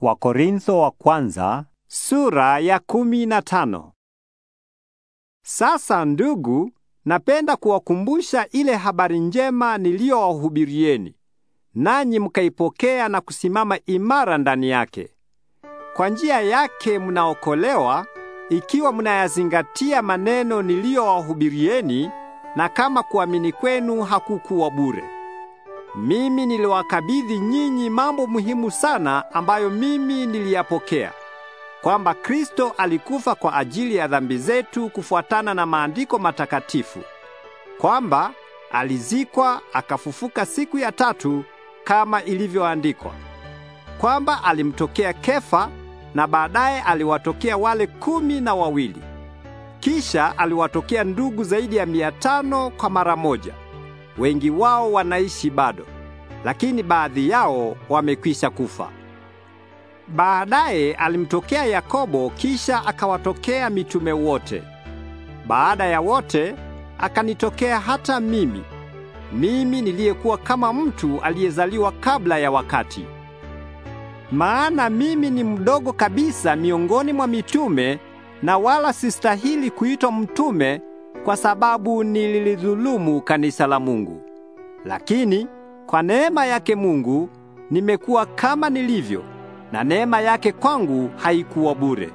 Wakorintho wa kwanza sura ya kumi na tano. Sasa ndugu, napenda kuwakumbusha ile habari njema niliyowahubirieni, nanyi mkaipokea na kusimama imara ndani yake. Kwa njia yake mnaokolewa, ikiwa mnayazingatia maneno niliyowahubirieni, na kama kuamini kwenu hakukuwa bure. Mimi niliwakabidhi nyinyi mambo muhimu sana ambayo mimi niliyapokea, kwamba Kristo alikufa kwa ajili ya dhambi zetu kufuatana na maandiko matakatifu, kwamba alizikwa akafufuka siku ya tatu kama ilivyoandikwa, kwamba alimtokea Kefa na baadaye aliwatokea wale kumi na wawili. Kisha aliwatokea ndugu zaidi ya mia tano kwa mara moja wengi wao wanaishi bado, lakini baadhi yao wamekwisha kufa. Baadaye alimtokea Yakobo, kisha akawatokea mitume wote. Baada ya wote akanitokea hata mimi, mimi niliyekuwa kama mtu aliyezaliwa kabla ya wakati. Maana mimi ni mdogo kabisa miongoni mwa mitume na wala sistahili kuitwa mtume kwa sababu nililidhulumu kanisa la Mungu. Lakini kwa neema yake Mungu nimekuwa kama nilivyo, na neema yake kwangu haikuwa bure.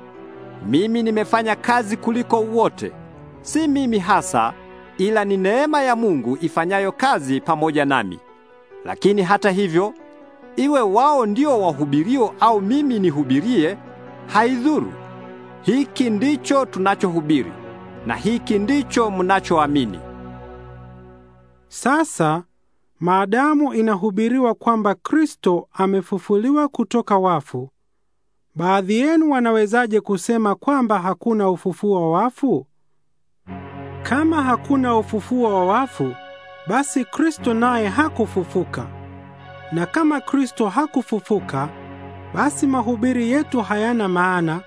Mimi nimefanya kazi kuliko wote, si mimi hasa, ila ni neema ya Mungu ifanyayo kazi pamoja nami. Lakini hata hivyo, iwe wao ndio wahubirio au mimi nihubirie, haidhuru. Hiki ndicho tunachohubiri na hiki ndicho mnachoamini. Sasa maadamu inahubiriwa kwamba Kristo amefufuliwa kutoka wafu, baadhi yenu wanawezaje kusema kwamba hakuna ufufuo wa wafu? Kama hakuna ufufuo wa wafu, basi Kristo naye hakufufuka. Na kama Kristo hakufufuka, basi mahubiri yetu hayana maana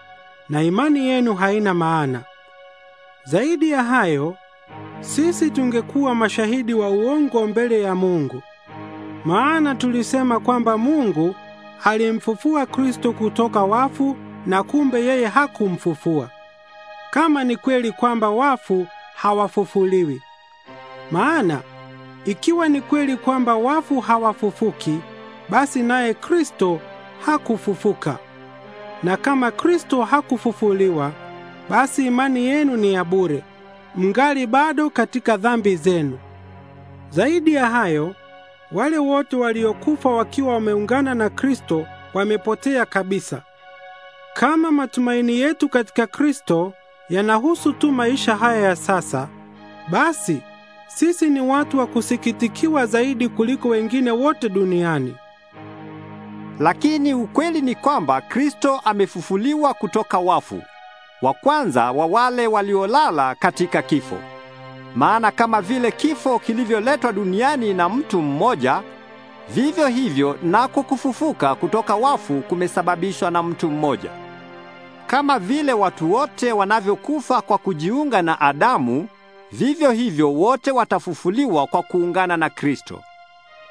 na imani yenu haina maana. Zaidi ya hayo, sisi tungekuwa mashahidi wa uongo mbele ya Mungu. Maana tulisema kwamba Mungu alimfufua Kristo kutoka wafu na kumbe yeye hakumfufua. Kama ni kweli kwamba wafu hawafufuliwi. Maana ikiwa ni kweli kwamba wafu hawafufuki, basi naye Kristo hakufufuka. Na kama Kristo hakufufuliwa, basi imani yenu ni ya bure, mngali bado katika dhambi zenu. Zaidi ya hayo, wale wote waliokufa wakiwa wameungana na Kristo wamepotea kabisa. Kama matumaini yetu katika Kristo yanahusu tu maisha haya ya sasa, basi sisi ni watu wa kusikitikiwa zaidi kuliko wengine wote duniani. Lakini ukweli ni kwamba Kristo amefufuliwa kutoka wafu wa kwanza wa wale waliolala katika kifo. Maana kama vile kifo kilivyoletwa duniani na mtu mmoja, vivyo hivyo nako kufufuka kutoka wafu kumesababishwa na mtu mmoja. Kama vile watu wote wanavyokufa kwa kujiunga na Adamu, vivyo hivyo wote watafufuliwa kwa kuungana na Kristo.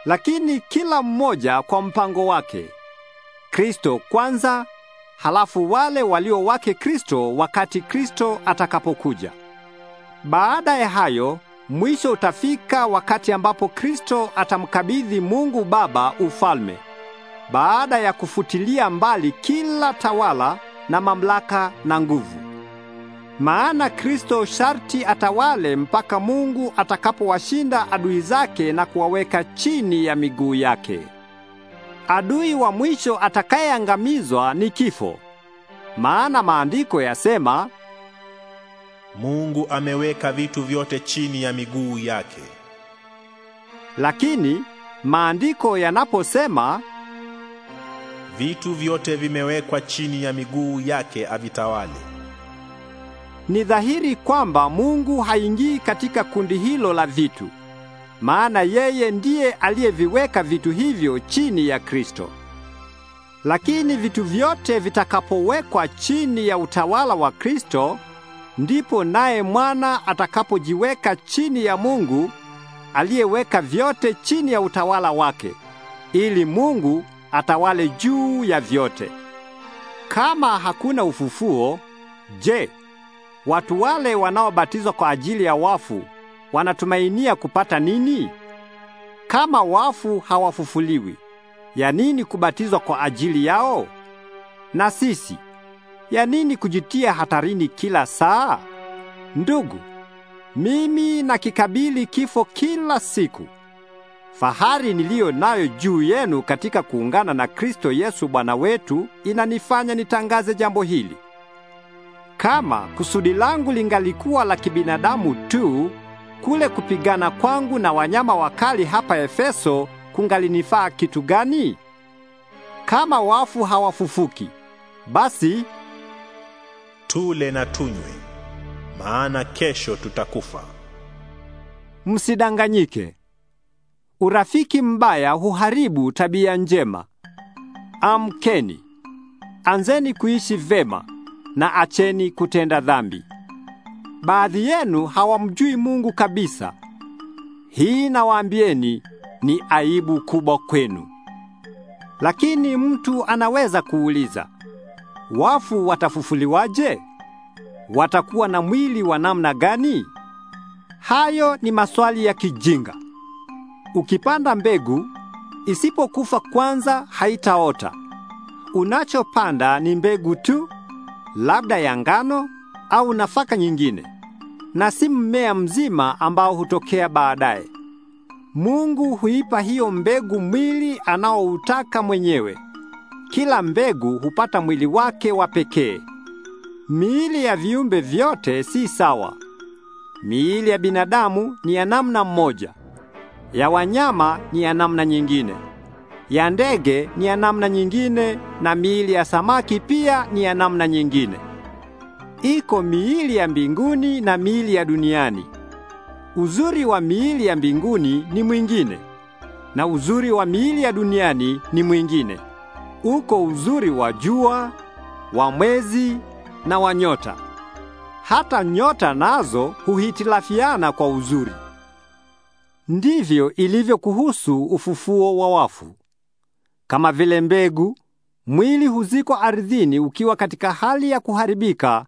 Lakini kila mmoja kwa mpango wake. Kristo kwanza, halafu wale walio wake Kristo wakati Kristo atakapokuja. Baada ya hayo, mwisho utafika wakati ambapo Kristo atamkabidhi Mungu Baba ufalme. Baada ya kufutilia mbali kila tawala na mamlaka na nguvu. Maana Kristo sharti atawale mpaka Mungu atakapowashinda adui zake na kuwaweka chini ya miguu yake. Adui wa mwisho atakayeangamizwa ni kifo. Maana maandiko yasema, Mungu ameweka vitu vyote chini ya miguu yake. Lakini maandiko yanaposema vitu vyote vimewekwa chini ya miguu yake avitawale, ni dhahiri kwamba Mungu haingii katika kundi hilo la vitu maana yeye ndiye aliyeviweka vitu hivyo chini ya Kristo. Lakini vitu vyote vitakapowekwa chini ya utawala wa Kristo, ndipo naye mwana atakapojiweka chini ya Mungu aliyeweka vyote chini ya utawala wake, ili Mungu atawale juu ya vyote. Kama hakuna ufufuo, je, watu wale wanaobatizwa kwa ajili ya wafu wanatumainia kupata nini? Kama wafu hawafufuliwi, ya nini kubatizwa kwa ajili yao? Na sisi, ya nini kujitia hatarini kila saa? Ndugu, mimi nakikabili kifo kila siku. Fahari niliyo nayo juu yenu katika kuungana na Kristo Yesu Bwana wetu inanifanya nitangaze jambo hili. Kama kusudi langu lingalikuwa la kibinadamu tu, kule kupigana kwangu na wanyama wakali hapa Efeso kungalinifaa kitu gani? Kama wafu hawafufuki, basi tule na tunywe, maana kesho tutakufa. Msidanganyike. Urafiki mbaya huharibu tabia njema. Amkeni, anzeni kuishi vema na acheni kutenda dhambi baadhi yenu hawamjui Mungu kabisa. Hii nawaambieni ni aibu kubwa kwenu. Lakini mtu anaweza kuuliza, wafu watafufuliwaje? Watakuwa na mwili wa namna gani? Hayo ni maswali ya kijinga. Ukipanda mbegu isipokufa kwanza, haitaota. Unachopanda ni mbegu tu, labda ya ngano au nafaka nyingine na si mmea mzima ambao hutokea baadaye. Mungu huipa hiyo mbegu mwili anaoutaka mwenyewe. Kila mbegu hupata mwili wake wa pekee. Miili ya viumbe vyote si sawa. Miili ya binadamu ni ya namna mmoja, ya wanyama ni ya namna nyingine, ya ndege ni ya namna nyingine, na miili ya samaki pia ni ya namna nyingine iko miili ya mbinguni na miili ya duniani. Uzuri wa miili ya mbinguni ni mwingine na uzuri wa miili ya duniani ni mwingine. Uko uzuri wa jua, wa mwezi na wa nyota. Hata nyota nazo huhitilafiana kwa uzuri. Ndivyo ilivyo kuhusu ufufuo wa wafu. Kama vile mbegu, mwili huzikwa ardhini ukiwa katika hali ya kuharibika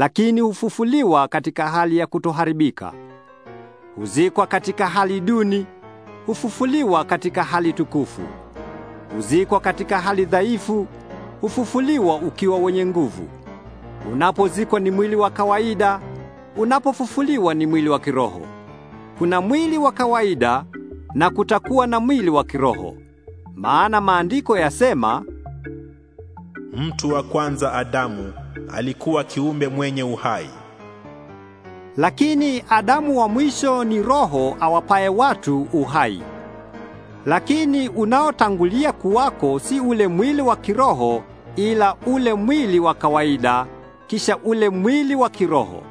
lakini hufufuliwa katika hali ya kutoharibika, huzikwa katika hali duni, hufufuliwa katika hali tukufu, huzikwa katika hali dhaifu, hufufuliwa ukiwa wenye nguvu. Unapozikwa ni mwili wa kawaida, unapofufuliwa ni mwili wa kiroho. Kuna mwili wa kawaida na kutakuwa na mwili wa kiroho. Maana maandiko yasema, mtu wa kwanza Adamu alikuwa kiumbe mwenye uhai. Lakini Adamu wa mwisho ni roho awapaye watu uhai. Lakini unaotangulia kuwako si ule mwili wa kiroho ila ule mwili wa kawaida kisha ule mwili wa kiroho.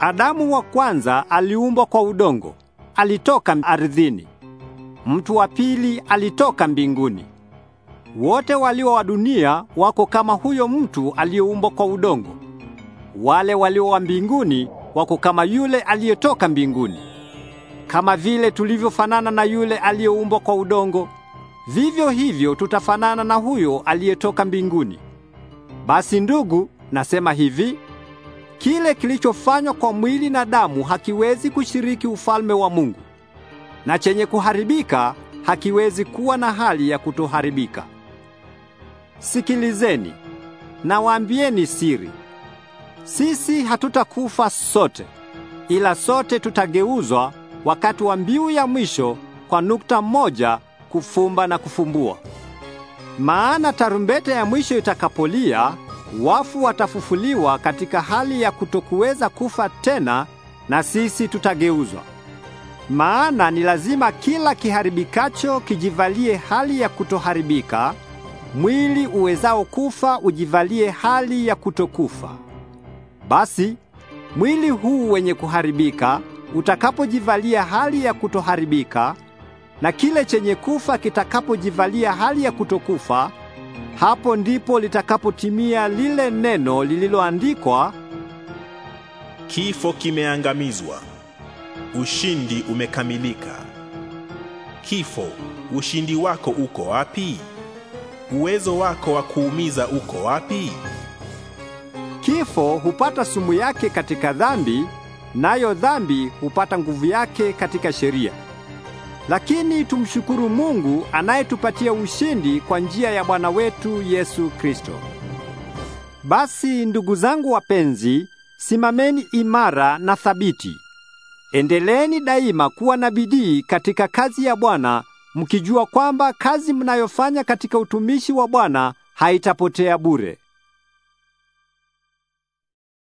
Adamu wa kwanza aliumbwa kwa udongo, alitoka ardhini. Mtu wa pili alitoka mbinguni. Wote walio wa dunia wako kama huyo mtu aliyeumbwa kwa udongo. Wale walio wa mbinguni wako kama yule aliyetoka mbinguni. Kama vile tulivyofanana na yule aliyeumbwa kwa udongo, vivyo hivyo tutafanana na huyo aliyetoka mbinguni. Basi ndugu, nasema hivi, kile kilichofanywa kwa mwili na damu hakiwezi kushiriki ufalme wa Mungu. Na chenye kuharibika hakiwezi kuwa na hali ya kutoharibika Sikilizeni, nawaambieni siri. Sisi hatutakufa sote, ila sote tutageuzwa wakati wa mbiu ya mwisho kwa nukta moja kufumba na kufumbua. Maana tarumbeta ya mwisho itakapolia, wafu watafufuliwa katika hali ya kutokuweza kufa tena, na sisi tutageuzwa. Maana ni lazima kila kiharibikacho kijivalie hali ya kutoharibika mwili uwezao kufa ujivalie hali ya kutokufa. Basi mwili huu wenye kuharibika utakapojivalia hali ya kutoharibika, na kile chenye kufa kitakapojivalia hali ya kutokufa, hapo ndipo litakapotimia lile neno lililoandikwa, kifo kimeangamizwa, ushindi umekamilika. Kifo, ushindi wako uko wapi? uwezo wako wa kuumiza uko wapi? Kifo hupata sumu yake katika dhambi, nayo dhambi hupata nguvu yake katika sheria. Lakini tumshukuru Mungu anayetupatia ushindi kwa njia ya Bwana wetu Yesu Kristo. Basi ndugu zangu wapenzi, simameni imara na thabiti. Endeleeni daima kuwa na bidii katika kazi ya Bwana mkijua kwamba kazi mnayofanya katika utumishi wa Bwana haitapotea bure.